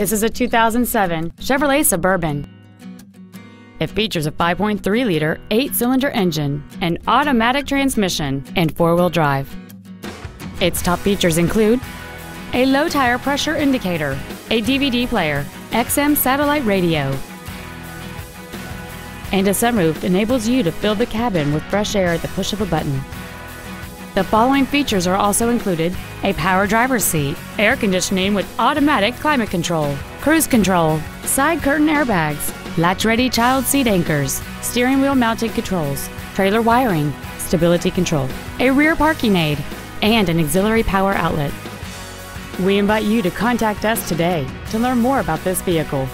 This is a 2007 Chevrolet Suburban. It features a 5.3-liter eight-cylinder engine, an automatic transmission, and four-wheel drive. Its top features include a low tire pressure indicator, a DVD player, XM satellite radio, and a sunroof enables you to fill the cabin with fresh air at the push of a button. The following features are also included a power driver's seat, air conditioning with automatic climate control, cruise control, side curtain airbags, latch ready child seat anchors, steering wheel mounted controls, trailer wiring, stability control, a rear parking aid, and an auxiliary power outlet. We invite you to contact us today to learn more about this vehicle.